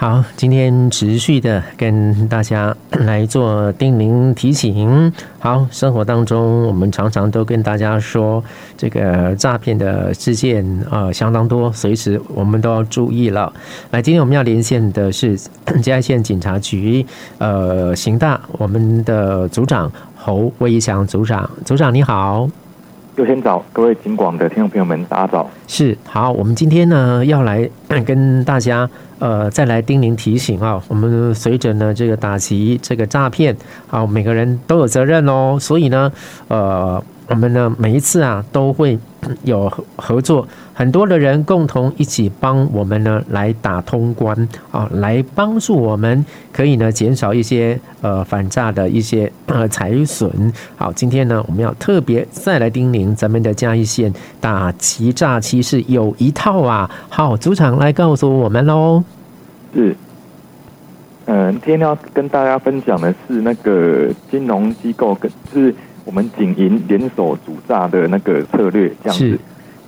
好，今天持續的跟大家來做叮嚀提醒。好，生活當中我們常常都跟大家說，這個詐騙的事件呃相當多，隨時我們都要注意了。來，今天我們要連線的是嘉義縣警察局呃刑大我們的組長侯崴翔組長，組長你好。就先找各位警廣的聽眾朋友們，大家是好，我們今天呢要來跟大家，呃，再來叮嚀提醒啊、哦。我們隨着呢這個打擊這個詐騙啊，每個人都有責任哦。所以呢，呃。我們呢，每一次啊，都會有合作，很多的人共同一起幫我們呢來打通關啊，來幫助我們，可以呢減少一些呃反詐的一些呃財損。好，今天呢我們要特別再來叮嚀，咱們的嘉義縣打欺詐其實有一套啊。好，組長來告訴我們嘍。是，嗯，今天要跟大家分享的是那個金融機構跟是。我們警銀聯手阻詐的那個策略，這樣子，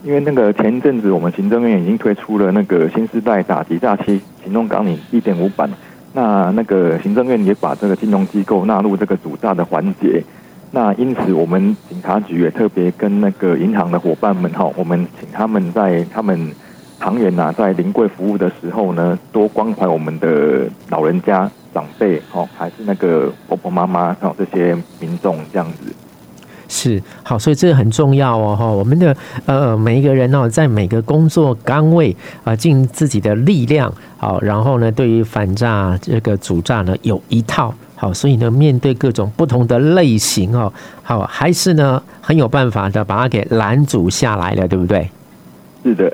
因為那個前一陣子我們行政院已經推出了那個新世代打擊詐欺行動綱領一點五版，那那個行政院也把這個金融機構納入這個阻詐的環節，那因此我們警察局也特別跟那個銀行的夥伴們哈，我們請他們在他們行員吶、啊、在臨櫃服務的時候呢，多關懷我們的老人家。長輩哦，還是那個婆婆媽媽，還有這些民眾這樣子是好，所以這個很重要哦，哈，我們的呃每一個人呢、哦，在每個工作崗位啊、呃，盡自己的力量好，然後呢，對於反詐這個阻詐呢，有一套好，所以呢，面對各種不同的類型哦，好，還是呢很有辦法的，把它給攔阻下來了，對不對？是的，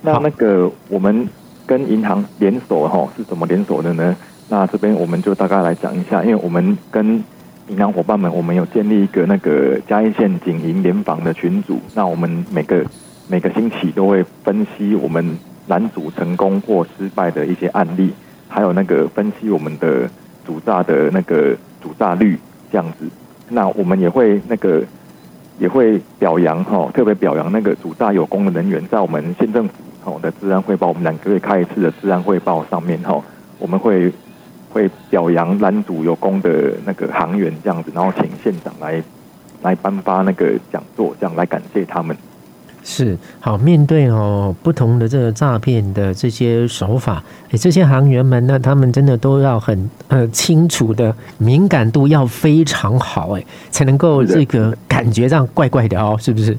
那那個我們。跟銀行連鎖是怎麼連鎖的呢？那這邊我們就大概來講一下，因為我們跟銀行夥伴們，我們有建立一個那個嘉義縣警銀聯防的群組。那我們每個每個星期都會分析我們攔阻成功或失敗的一些案例，還有那個分析我們的阻詐的那個阻詐率這樣子。那我們也會那個也會表揚特別表揚那個阻詐有功的人員，在我們縣政府。好的，治安會報，我們兩個月開一次的治安會報上面哈，我們會會表揚攔阻有功的那個行員這樣子，然後請縣長來來頒發那個獎座，這樣來感謝他們。是好，面對哦不同的這個詐騙的這些手法，哎，這些行員們那他們真的都要很呃清楚的敏感度要非常好，哎，才能夠這個感覺這樣怪怪的哦，是不是？是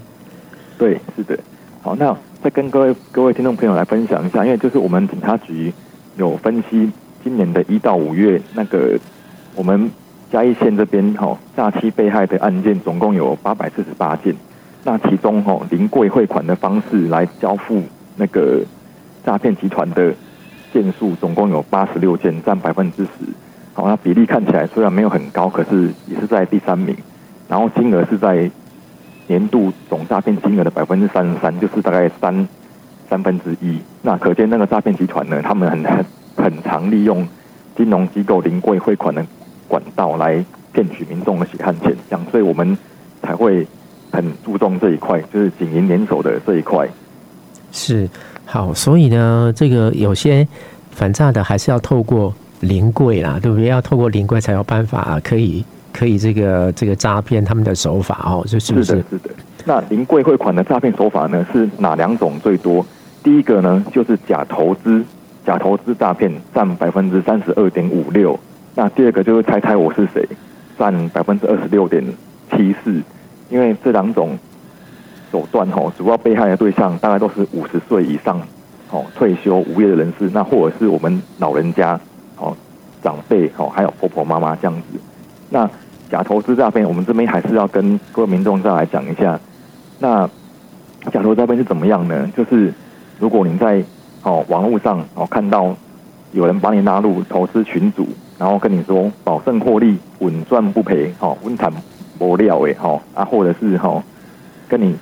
對，是的。好，那。再跟各位各位聽眾朋友來分享一下，因為就是我們警察局有分析，今年的一到五月那個我們嘉義縣這邊吼詐欺被害的案件總共有八百四十八件，那其中吼、哦、臨櫃匯款的方式來交付那個詐騙集團的件數總共有八十六件，佔百分之十，好、哦、那比例看起來雖然沒有很高，可是也是在第三名，然後金額是在。年度總詐騙金額的百分之三十三，就是大概三三分之一。那可見那個詐騙集團呢，他們很很常利用金融機構臨櫃匯款的管道來騙取民眾的血汗錢，這樣，所以我們才會很注重這一塊，就是警銀聯手的這一塊。是，好，所以呢，這個有些反詐的還是要透過臨櫃啦，對不對？要透過臨櫃才有辦法、啊、可以。可以這個這個詐騙他們的手法哦，就是不是？是的，是的。那臨櫃匯款的詐騙手法呢？是哪兩種最多？第一個呢，就是假投資，假投資詐騙占百分之三十二點五六。那第二個就是猜猜我是誰，占百分之二十六點七四。因為這兩種手段哦，主要被害的對象大概都是五十歲以上哦，退休、無業的人士，那或者是我們老人家哦，長輩哦，還有婆婆媽媽這樣子，那。假投資詐騙，我們這邊還是要跟各位民眾再來講一下。那假投資詐騙是怎麼樣呢？就是如果您在哦網絡上哦看到有人把你拉入投資群組，然後跟你說保證獲利、穩賺不賠、哦穩談不料哎，好啊，或者是哈跟你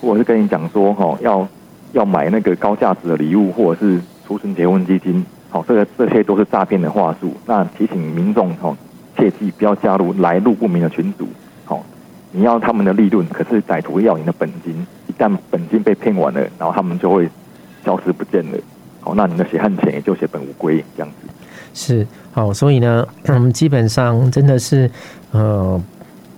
或者是跟你講說哈要要買那個高價值的禮物，或者是儲存結婚基金，好，這個這些都是詐騙的話術。那提醒民眾哦。切記不要加入來路不明的群組，好，你要他們的利潤，可是歹徒要你的本金，一旦本金被騙完了，然後他們就會消失不見了，好，那你的血汗錢也就血本無歸，這樣子。是，好，所以呢，我們基本上真的是，呃，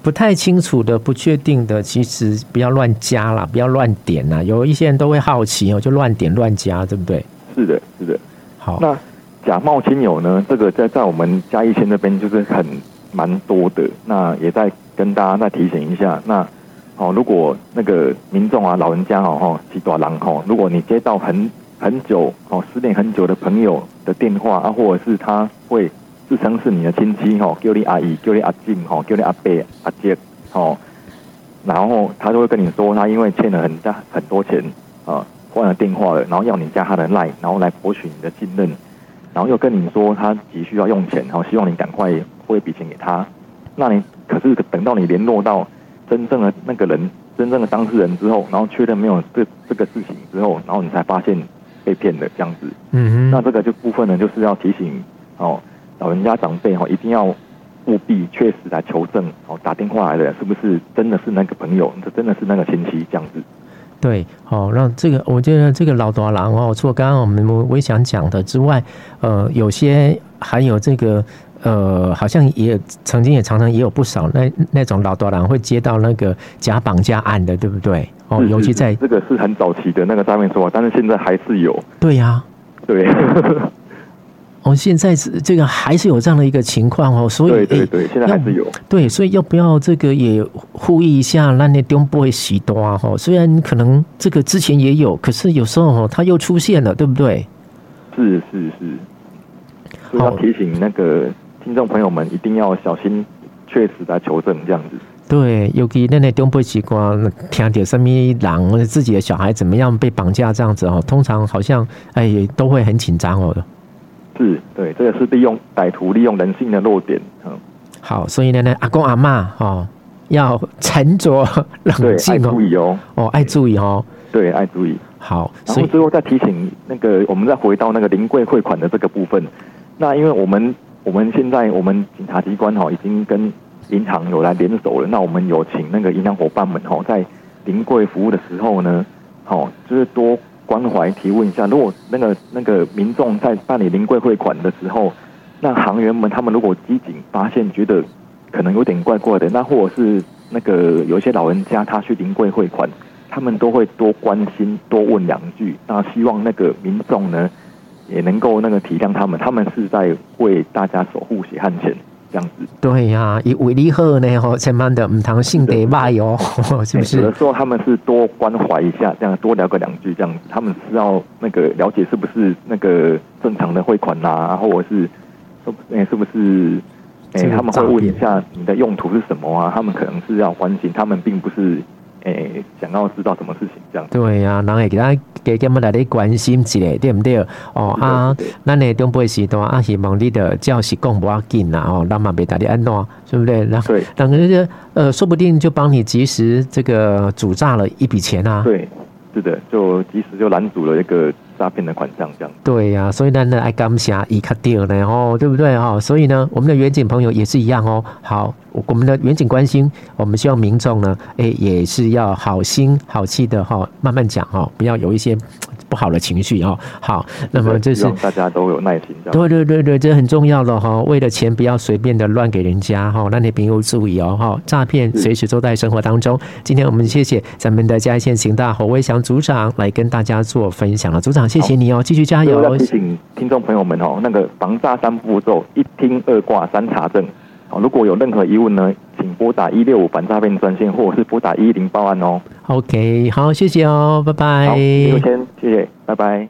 不太清楚的、不確定的，其實不要亂加啦，不要亂點啦。有一些人都會好奇哦，就亂點亂加，對不對？是的，是的，好。那假冒親友呢？這個在在我們嘉義縣那邊就是很蠻多的。那也在跟大家再提醒一下。那哦，如果那個民眾啊、老人家、啊、哦、哈，七朵人哦，如果你接到很很久哦、失聯很久的朋友的電話啊，或者是他會自稱是你的親戚哦，叫你阿姨、叫你阿靜、哦、叫你阿伯、阿姐、哦，然後他就會跟你說，他因為欠了很大很多錢啊、哦，換了電話了，然後要你加他的賴、like，然後來博取你的信任。然後又跟你說他急需要用錢，然後希望你趕快匯一筆錢給他。那你可是等到你聯絡到真正的那個人、真正的當事人之後，然後確認沒有這這個事情之後，然後你才發現被騙的這樣子。嗯嗯哼。那這個就部分呢，就是要提醒哦，老人家長輩哈、哦，一定要務必確實來求證哦，打電話來的是不是真的是那個朋友，這真的是那個親戚這樣子。對，好、哦，那這個我覺得這個老大人哦，除了剛剛我們我也想講的之外，呃，有些還有這個呃，好像也曾經也常常也有不少那那種老大人會接到那個假綁架案的，對不對？哦，尤其在這個是很早期的那個詐騙手法，但是現在還是有。對呀、啊，對。 我們現在是這個還是有這樣的一個情況哦，所以對對，對現在還是有、欸、對，所以要不要這個也呼籲一下的的，讓你 don't be 攜帶哦。雖然可能這個之前也有，可是有時候它又出現了，對不對？是是是。好，提醒那個聽眾朋友們一定要小心，確實來求證這樣子。對，尤其那那 don't be 攜帶，聽到什麼人或者自己的小孩怎麼樣被綁架這樣子哦，通常好像哎、欸、都會很緊張哦。是對，這也、個、是利用歹徒利用人性的弱點，嗯，好，所以呢，呢阿公阿嬤、哦、要沉着冷靜、哦，對愛注意哦，哦，愛注意哦，對，愛注意，好，所以然後最後再提醒那個，我們再回到那個臨櫃匯款的這個部分，那因為我們我們現在我們警察機關哈、哦、已經跟銀行有來聯手了，那我們有請那個銀行伙伴們哈、哦、在臨櫃服務的時候呢，好、哦、就是多。關懷提問一下，如果那個那個民眾在辦理臨櫃匯款的時候，那行員們他們如果機警發現覺得可能有點怪怪的，那或者是那個有一些老人家他去臨櫃匯款，他們都會多關心多問兩句，那希望那個民眾呢也能夠那個體諒他們，他們是在為大家守護血汗錢。這樣子，對呀、啊，以為你好呢吼，才辦的唔同性格吧喲，對是不是、欸，有的時候他們是多關懷一下，這樣多聊個兩句，這樣子他們是要那個了解是不是那個正常的匯款啦、啊，然後或是、欸，是不是？哎、欸，他們會問一下你的用途是什麼啊？他們可能是要關心，他們並不是。哎，想要知道什麼事情，這樣對呀、啊，然後給他給他們來的關心之類，對不對？的哦的啊，那你的中不時的啊是望你的，教要是更不要緊啊，哦，那麼別大的安諾，對不對？然後兩個人呃，說不定就幫你及時這個阻詐了一筆錢啊。對，是的，就及時就攔阻了一個。詐騙的款項這樣，對呀、啊，所以呢，那哎，剛下已卡定了然後，對不對哈？所以呢，我們的遠景朋友也是一樣哦、喔。好，我們的遠景關心，我們希望民眾呢，哎，也是要好心好氣的哈，慢慢講哈，不要有一些。不好的情緒哦，好，那麼這是，是大家都有耐心，對對對對，這很重要的哈、哦。為了錢，不要隨便的亂給人家哈，那、哦、你很有注意哦哈。詐騙隨時都在生活當中，是今天我們謝謝咱們的嘉義縣刑大侯崴翔組長來跟大家做分享了，組長謝謝你哦，好繼續加油哦。哦請聽眾朋友們哦，那個防詐三步驟：一聽、二掛、三查證。啊、哦，如果有任何疑問呢，請撥打一六五反詐騙專線，或者是撥打一一零報案哦。OK 好，謝謝哦，拜拜。好，謝謝，謝謝，拜拜。